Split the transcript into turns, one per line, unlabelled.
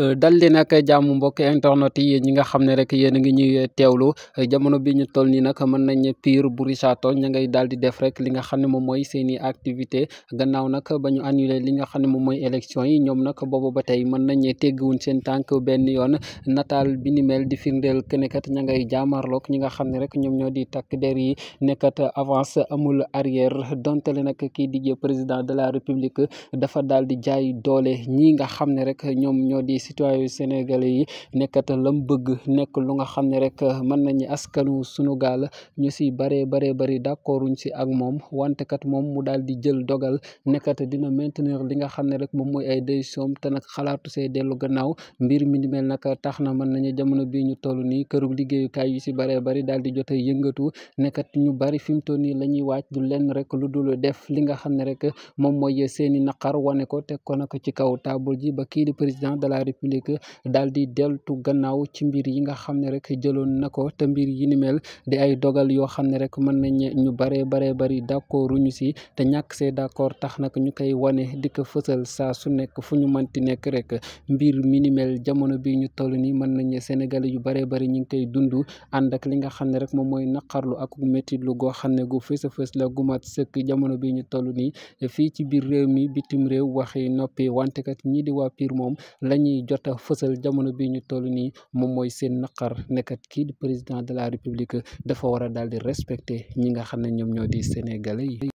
dal leen ak jàmm internet yi ñi nga xam ne rek yéen a ngi ñuy teewlu jamono bi ñu toll nii nag mën nañ Pire Bourissato def rek li nga xam ne mooy seen i activité gannaaw nag ba ñu li nga xam ne moom mooy élection yi ñoom nag boobu ba tey mën nañ teggiwuñ seen tànk benn yoon nataal bi ni mel di firndeel kenekat ña ngay jaamarloog ñi nga xam di takk der yi nekkat avance amul arrière donte le nag la république dafa daal di jaay doole ñi nga xam ne rek ñoom ñoo citoyen sénégalais yi nekkata lam bëgg nekk lu nga xam ne rek mën nañu askanu sunu gaal ñu si baree baree bari d'accorduñ si ak moom wante kat moom mu daal di jël dogal nekkata dina maintenir li nga xam ne rek moom mooy ay décision te nag xalaatu see dellu gannaaw mbir mi ni mel nag tax na mën nañu jamono bii ñu toll nii këru liggéeyukaay yu si baree bari daal di jote yëngatu nekkat ñu bari fi mu toll nii la ñuy waaj du lenn rek li nga xam seeni naqar wane ko teg ko ci kaw taabal ji ba kii di président de république daal di deltu gannaaw ci mbir yi nga xam ne rek jëloon na ko te mbir yi ni di ay dogal yoo xam ne rek mën nañ ñu baree baree bari d'accord ñu si te ñàkk see d'accord tax nag ñu koy wane di ko fësal saa su nekk fu ñu mënti nekk rek mbir mi jamono bi ñu toll nii mën nañ Sénégalais yu baree bari ñu ngi koy dund ànd ak li nga xam ne rek moom mooy naqarlu ak métti goo xam ne gu fës a fës la gumat sëkk jamono bi ñu toll nii jot a fësal jamono bi ñu toll nii moom mooy seen naqar nekkat kii di président de la république
dafa war a daal di respecté ñi nga xam ne ñoom ñoo di sénégalais yi